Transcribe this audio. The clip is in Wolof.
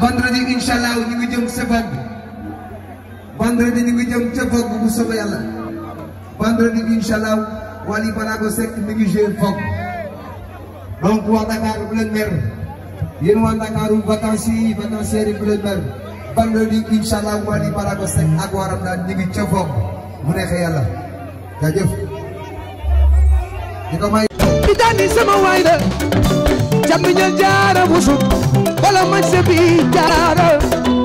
vendredi incha allah jëm sa bopp vendredi ñu ngi jëm ca bopp bu soobee yàlla vendredi bi incha allah Wally Ballago Seck mi ngi joué bopp donc waa Dakar bu leen mer yéen waa Dakar vacances yi vacances yi ak waa Ramadane ñu ngi ca mu neexee yàlla jaajëf di ko may. di daal sama waay la. jamiñal jaara busuk bala mañ se bi jaara